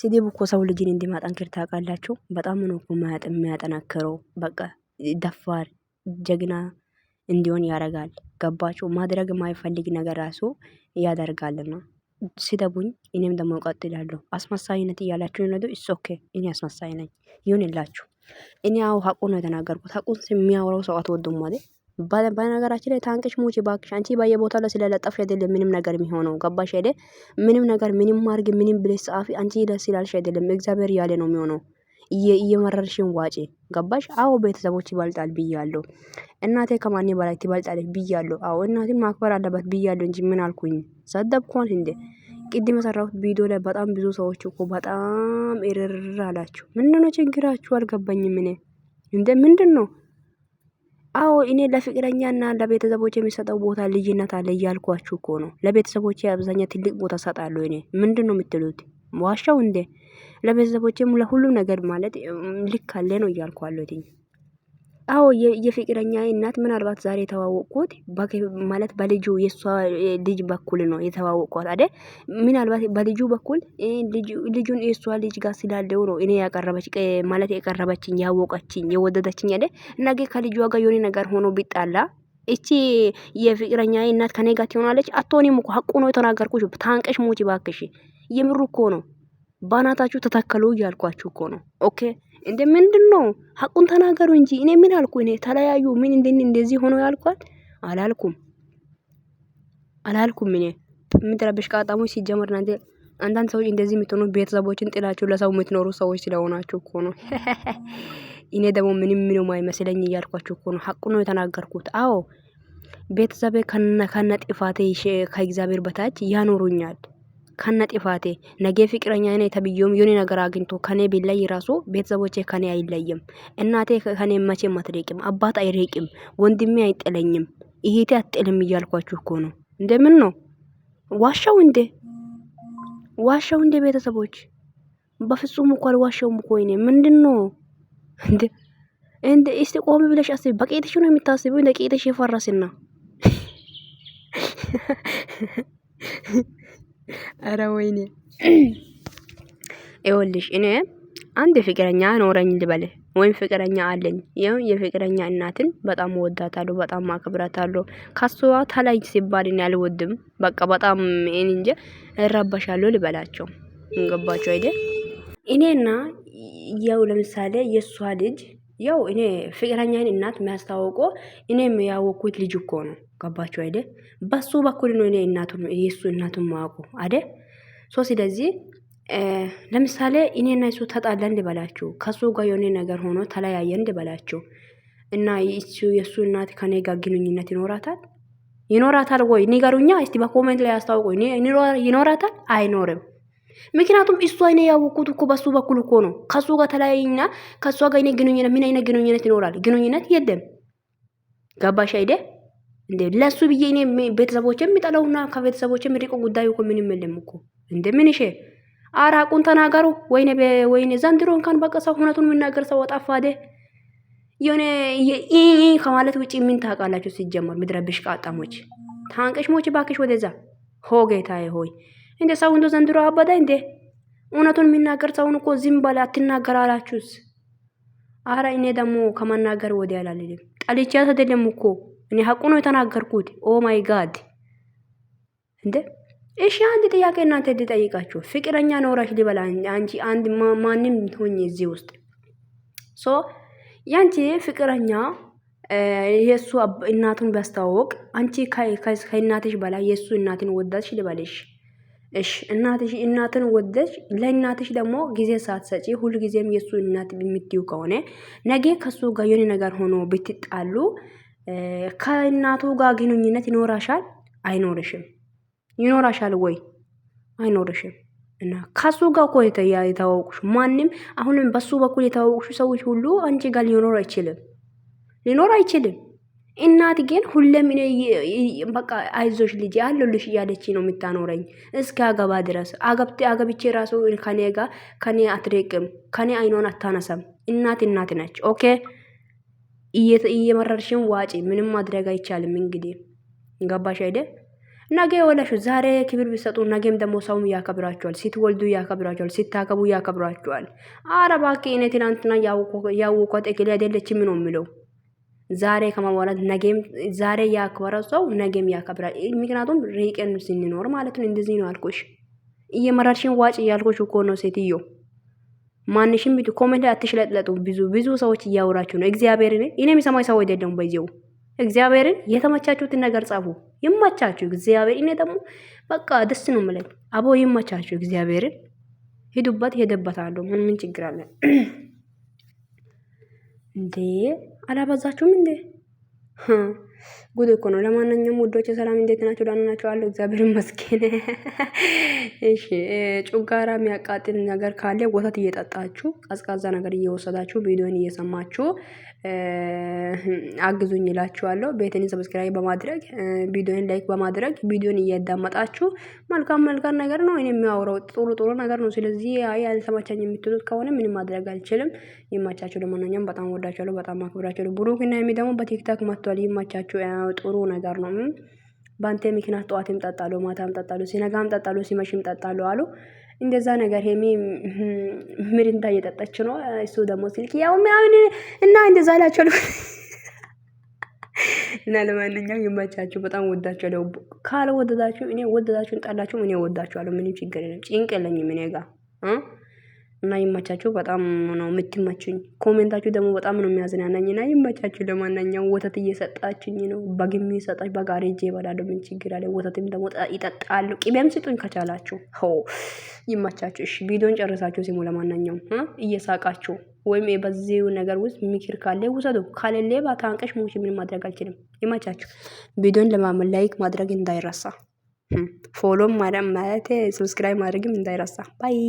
ስድብ እኮ ሰው ልጅን እንደማጠንክር ታውቃላችሁ? በጣም ነው እኮ የሚያጠናክረው። በቃ ደፋር ጀግና እንዲሆን ያደርጋል። ገባችሁ? ማድረግ የማይፈልግ ነገር ራሱ ያደርጋልና ሲደቡኝ እኔም ደግሞ ቀጥላለሁ። አስመሳይነት እያላችሁ ነው። እሱ ኦኬ፣ እኔ አስመሳይ ነኝ ይሁንላችሁ። እኔ አሁ ሀቁ ነው የተናገርኩት። ሀቁን የሚያወራው ሰው አትወዱም ማለት በነገራችን ላይ ታንቀሽ ሙቺ ባክሽ። አንቺ በየቦታው ላይ ስለለጠፍሽ አይደለም ምንም ነገር የሚሆነው ገባሽ አይደል? ምንም ነገር ምንም ማርግ ምንም ብለሽ ጻፊ። አንቺ ደስ ይላልሽ አይደለም እግዚአብሔር ያለ ነው የሚሆነው። እየመረርሽን ዋጪ ገባሽ? አዎ ቤተሰቦች ይበልጣል ብያለሁ። እናቴ ከማን በላይ ትበልጣለች ብያለሁ። አዎ እናቴን ማክበር አለበት ብያለሁ እንጂ ምን አልኩኝ? ሰደብኳን እንዴ? ቅድም የሰራሁት ቪዲዮ ላይ በጣም ብዙ ሰዎች እኮ በጣም እርር አላችሁ። ምንድነው ችግራችሁ? አልገባኝም። እኔ እንደ ምንድን ነው አዎ እኔ ለፍቅረኛ እና ለቤተሰቦች የሚሰጠው ቦታ ልዩነት አለ እያልኳችሁ እኮ ነው። ለቤተሰቦች አብዛኛ ትልቅ ቦታ ሰጣለሁ እኔ ምንድን ነው የምትሉት? ዋሻው እንዴ? ለቤተሰቦችም ለሁሉም ነገር ማለት ልክ አለ ነው እያልኳለሁ። አዎ የፍቅረኛ እናት ምናልባት ዛሬ የተዋወቅኩት ማለት በልጁ የእሷ ልጅ በኩል ነው የተዋወቅኳት አይደል? ምናልባት በልጁ በኩል ልጁን የእሷ ልጅ ጋር ስላለው ነው እኔ ያቀረበች ማለት የቀረበችኝ ያወቀችኝ የወደደችኝ አይደል? ነገ ከልጇ ጋር የሆነ ነገር ሆኖ ቢጣላ እቺ የፍቅረኛ እናት ከኔ ጋር ትሆናለች? አትሆንም እኮ ሀቁ ነው የተናገርኩሽ። ታንቀሽ ሞች ባክሽ፣ የምሩ እኮ ነው። ባናታችሁ ተተከሉ እያልኳችሁ እኮ ነው። ኦኬ እንደ ምንድን ነው ሀቁን ተናገሩ እንጂ። እኔ ምን አልኩ? እኔ ተለያዩ ምን እንደን እንደዚህ ሆኖ ያልኳል አላልኩም አላልኩም። እኔ የምትረብሽ ቃጣሞች ሲጀመር ናንተ አንዳንድ ሰዎች እንደዚህ የምትሆኑ ቤተሰቦችን ጥላችሁ ለሰው የምትኖሩ ሰዎች ስለሆናችሁ እኮ ነው። እኔ ደግሞ ምንም ምንም አይመስለኝ እያልኳችሁ እኮ ነው። ሀቁ ነው የተናገርኩት። አዎ ቤተሰቤ ከነ ጥፋቴ ከእግዚአብሔር በታች ያኖሩኛል። ከነ ጥፋቴ ነገ ፍቅረኛ እኔ ተብዮም የሆነ ነገር አግኝቶ ከኔ ቢለይ ራሱ ቤተሰቦቼ ከኔ አይለይም። እናቴ ከኔ መቼም አትርቅም። አባት አይርቅም። ወንድሜ አይጥለኝም። እህቴ አትጥልም እያልኳችሁ እኮ ነው። እንደምን ነው ዋሻው እንዴ? ዋሻው እንዴ? ቤተሰቦች በፍጹም እኮ አልዋሻውም እኮ እኔ ምንድን ነው እንዴ? እንዴ እስቲ ቆም ብለሽ አስቢ። በቄጥሽ ነው የምታስቢው እንደ ቄጥሽ የፈረስና ኧረ ወይኔ ይኸውልሽ እኔ አንድ ፍቅረኛ ኖረኝ ልበልህ ወይም ፍቅረኛ አለኝ። ይኸው የፍቅረኛ እናትን በጣም ወዳታለሁ፣ በጣም አክብራታለሁ። ካስዋ ተለይ ሲባል እኔ አልወድም። በቃ በጣም እኔ እንጂ እረበሻለሁ ልበላቸው። ገባቸው አይደል? እኔና ያው ለምሳሌ የእሷ ልጅ ያው እኔ ፍቅረኛን እናት የሚያስታውቀው እኔ የሚያወቁት ልጅ እኮ ነው። ገባችሁ አይደ? በሱ በኩል ነው እኔ እናቱን የሱ እናቱን ማወቁ አደ ሶ ስለዚህ ለምሳሌ እኔና እሱ ተጣላን ልበላችሁ፣ ከሱ ጋር የሆነ ነገር ሆኖ ተለያየን ልበላችሁ እና እሱ የእሱ እናት ከኔ ጋር ግንኙነት ይኖራታል ይኖራታል ወይ ንገሩኛ እስቲ በኮሜንት ላይ አስታውቁ። ይኖራታል አይኖርም? ምክንያቱም እሱ አይኔ ያወቁት እኮ በሱ በኩል እኮ ነው። ከሱ ጋር ተለያይና ከእሷ ጋር እኔ ግንኙነት ምን አይነት ግንኙነት ይኖራል? ግንኙነት የለም። ገባሽ አይደ እንዴ? ለሱ ብዬ እኔ ቤተሰቦች የሚጠለውና ከቤተሰቦች የሚርቆ ጉዳዩ እኮ ምንም የለም እኮ እንደ ምን ይሼ አራቁን ተናገሩ። ወይኔ ወይኔ፣ ዘንድሮ እንኳን በቃ ሰው እውነቱን የምናገር ሰው ጠፋ አይደ የሆነ ከማለት ውጭ ምን ታውቃላችሁ? ሲጀመር ምድረ ብሽቃጣሞች ታንቀሽሞች፣ ባክሽ ወደዛ ሆ ጌታዬ ሆይ እንደ ሰው እንደ ዘንድሮ አባዳ እንዴ! እውነቱን የሚናገር ሰውን እኮ ዝም በል አትናገር አላችሁስ? አረ እኔ ደግሞ ከመናገር ወዲያ አላልልም። ጠልቻት አይደለም እኮ እኔ ሀቁ ነው የተናገርኩት። ኦ ማይ ጋድ እንዴ! እሺ አንድ ጥያቄ እናንተ እንድጠይቃችሁ፣ ፍቅረኛ ኖራሽ ሊበላ አንቺ አንድ ማንም ሆኝ እዚህ ውስጥ ሶ ያንቺ ፍቅረኛ የእሱ እናቱን ቢያስተዋወቅ አንቺ ከእናትሽ በላይ የእሱ እናትን ወዳትሽ ልበልሽ እሺ እናትሽ እናትን ወደሽ ለእናትሽ ደግሞ ጊዜ ሳትሰጪ ጊዜም የእሱ እናት የምትዩ ከሆነ ነገ ከሱ ጋር የሆነ ነገር ሆኖ ብትጣሉ ከእናቱ ጋር ግንኙነት ይኖራሻል አይኖርሽም? ይኖራሻል ወይ አይኖርሽም? እና ከሱ ጋር እኮ የተዋወቁሽ ማንም አሁንም በሱ በኩል የተዋወቁሽ ሰዎች ሁሉ አንቺ ጋር ሊኖር አይችልም፣ ሊኖር አይችልም። እናት ግን ሁሌም በቃ አይዞሽ ልጅ አለሁልሽ እያለች ነው የምታኖረኝ እስከ አገባ ድረስ። አገብቴ አገብቼ ራሱ ከኔ ጋ ከኔ አትሬቅም፣ ከኔ አይኖን አታነሳም። እናት እናት ነች። ኦኬ እየመረርሽን ዋጪ፣ ምንም ማድረግ አይቻልም። እንግዲህ ገባሽ አይደ ነገ ወላሽ ዛሬ ክብር ቢሰጡ ነገም ደግሞ ሰውም ያከብራቸዋል። ስትወልዱ ያከብራቸዋል፣ ሲታከቡ ያከብራቸዋል። አረባኪ እኔ ትናንትና ያወኳት እክሌ አይደለችም ነው የሚለው ዛሬ ከማሟላት ነገም ዛሬ ያከበረ ሰው ነገም ያከብራል። ምክንያቱም ርቀን ስንኖር ማለት ነው። እንደዚህ ነው አልኩሽ። እየመረርሽን ዋጭ እያልኩሽ እኮ ነው ሴትዮ። ማንሽም ቢቱ ኮሜንት አትሽለጥለጡ። ብዙ ብዙ ሰዎች እያወራችሁ ነው። እግዚአብሔርን እኔ የሚሰማኝ ሰው አይደለም። በዚው እግዚአብሔርን የተመቻችሁትን ነገር ጻፉ። ይመቻችሁ እግዚአብሔር። እኔ ደግሞ በቃ ደስ ነው ምለኝ። አቦ ይመቻችሁ እግዚአብሔርን። ሂዱበት ሄደበታለሁ። ምን ምን ችግር አለ? እንዴ አላበዛችሁም እንዴ? ጉድ እኮ ነው። ለማንኛውም ውዶች ሰላም፣ እንዴት ናቸው? ደህና ናቸው አለው። እግዚአብሔር ይመስገን። እሺ፣ ጩጋራ የሚያቃጥል ነገር ካለ ወተት እየጠጣችሁ ቀዝቃዛ ነገር እየወሰዳችሁ ቪዲዮን እየሰማችሁ አግዙኝ ይላችኋለሁ። ቤትን ሰብስክራይብ በማድረግ ቪዲዮን ላይክ በማድረግ ቪዲዮን እያዳመጣችሁ መልካም መልካም ነገር ነው እኔ የሚያወራው ጥሩ ጥሩ ነገር ነው። ስለዚህ አይ አልሰማቻኝ የምትሉት ከሆነ ምንም ማድረግ አልችልም። ይማቻችሁ። ለማንኛውም በጣም ወዳችኋለሁ፣ በጣም አክብራችኋለሁ። ብሩክና የሚደግሞ በቲክታክ መጥቷል። ይማቻችሁ። ጥሩ ነገር ነው። በአንተ ምክንያት ጠዋትም ጠጣሉ ማታም ጠጣሉ ሲነጋም ጠጣሉ ሲመሽም ጠጣሉ አሉ። እንደዛ ነገር ሄሚ ምሪንዳ እየጠጣች ነው። እሱ ደግሞ ስልክ ያው ምናምን እና እንደዛ ላቸው እና ለማንኛው ይመቻችሁ። በጣም ወዳቸው ካለ ካልወደዳችሁ እኔ ወደዳችሁን ጠላችሁም እኔ ወዳችኋለሁ። ምንም ችግር የለም። ጭንቅ የለኝም እኔ ጋር እና ይመቻችሁ። በጣም ነው የምትመቹኝ። ኮሜንታችሁ ደግሞ በጣም ነው የሚያዝናናኝ። እና ይመቻችሁ። ለማንኛውም ወተት እየሰጣችኝ ነው። በግሚ ሰጣች በጋሪ እጄ እበላለሁ። ምን ችግር አለ? ወተትም ደግሞ ይጠጣሉ። ቅቤም ስጡኝ ከቻላችሁ። ሆ ይመቻችሁ። እሺ ቪዲዮን ጨርሳችሁ ሲሙ። ለማንኛውም እየሳቃችሁ ወይም በዚሁ ነገር ውስጥ ምክር ካለ ውሰዱ፣ ካለሌ ባታንቀሽ ሞች ምን ማድረግ አልችልም። ይመቻችሁ። ቪዲዮን ለማመን ላይክ ማድረግ እንዳይረሳ፣ ፎሎም ማለት ሰብስክራይብ ማድረግም እንዳይረሳ። ባይ